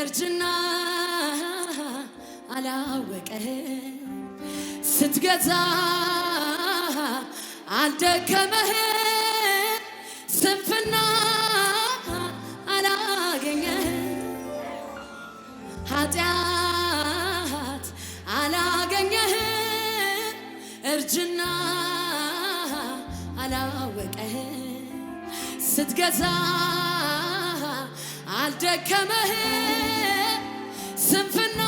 እርጅና አላወቀህም ስትገዛ አልደከመህ ስንፍና አላገኘ ኃጢአት አላገኘህ እርጅና አላወቀህ ስትገዛ አልደከመህ ስንፍና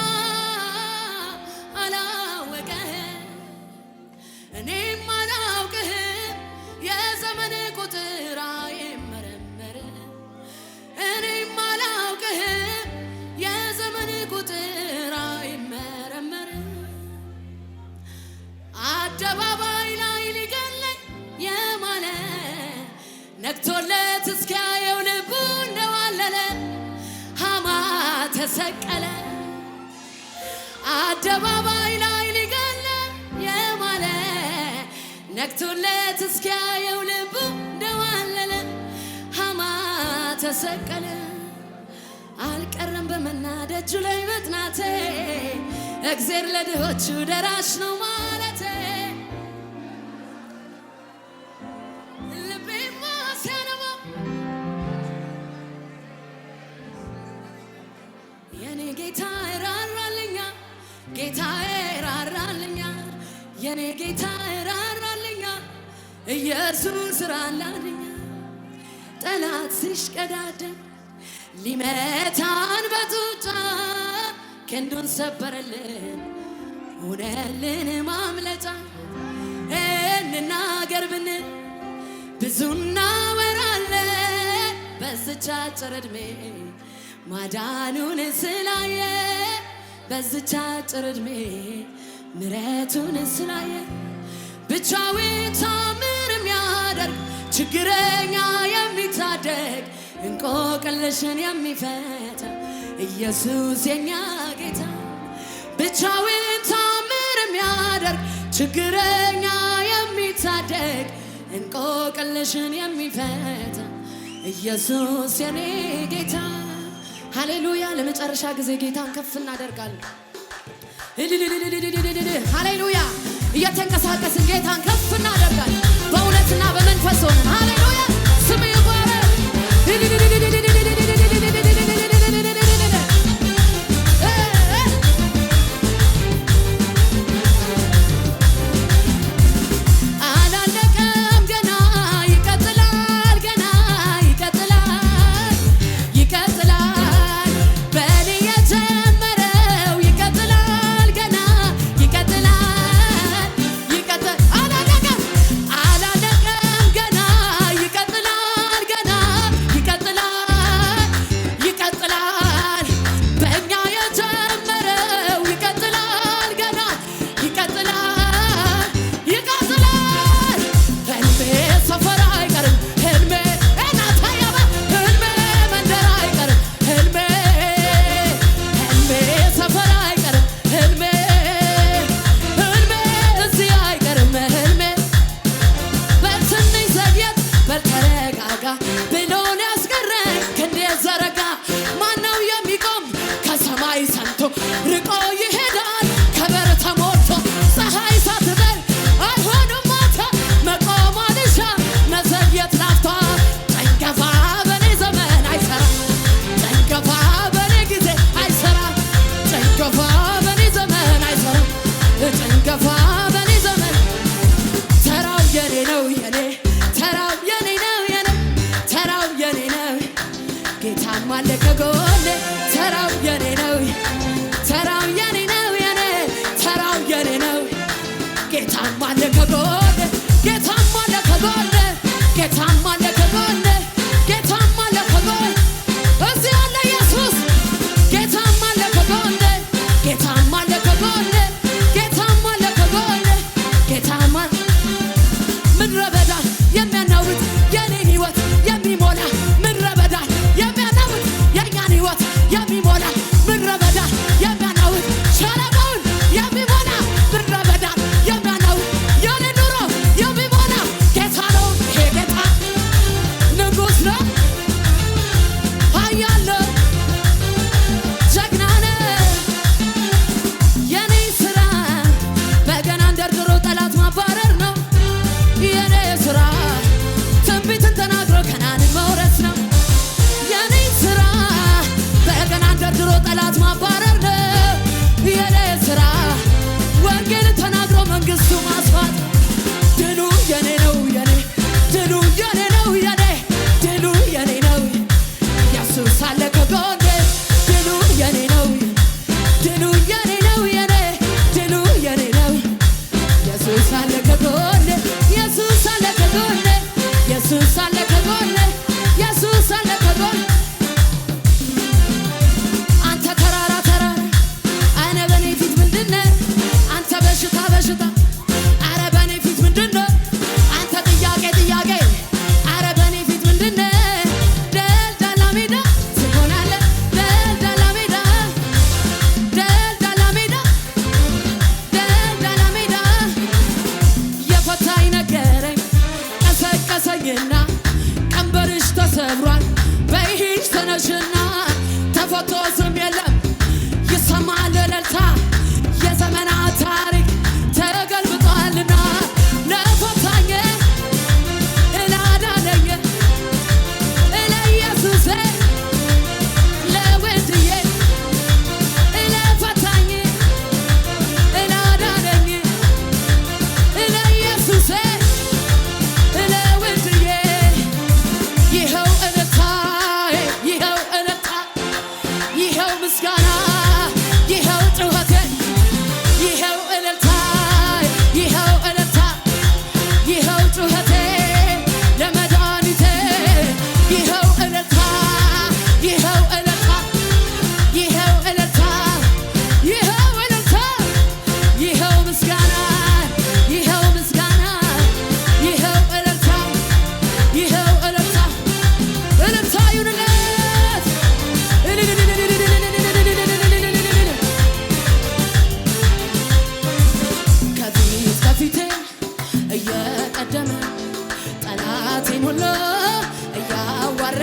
ተሰቀለ አደባባይ ላይ ሊገለ የማለ ነግቶለት እስኪያየው ልቡ ደዋለለ ሐማ ተሰቀለ አልቀረም በመናደጁ ላይ መጥናቴ እግዜር ለድሆቹ ደራሽ ነው። ለኔ ጌታ ራራልኛ ጌታ ራራልኛ የኔ ጌታ ራራልኛ ኢየሱስ ራራልኛ ጠላት ሲሽቀዳደም ሊመታን በጡጫ ክንዱን ሰበረልን ሆነልን ማምለጫ እንናገር ብንል ብዙ እናወራለን በዝቻ አጭር ዕድሜ ማዳኑን ስላየ በዝቻ አጭር ዕድሜ ምሕረቱን ስላየ ብቻዊ ታምር የሚያደርግ ችግረኛ የሚታደግ እንቆቅልሽን የሚፈታ ኢየሱስ የኛ ጌታ ብቻዊ ታምር የሚያደርግ ችግረኛ የሚታደግ እንቆቅልሽን የሚፈታ ኢየሱስ የኔ ጌታ ሃሌሉያ! ለመጨረሻ ጊዜ ጌታን ከፍ እናደርጋለን። ሃሌሉያ! እየተንቀሳቀስን ጌታን ከፍ እናደርጋለን። በእውነትና በመንፈስ ሆነን ሃሌሉያ! ስም ይባረክ።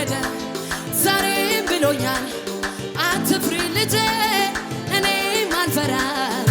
ወደደ ዛሬም ብሎኛል አትፍሪ ልጄ እኔም አልፈራም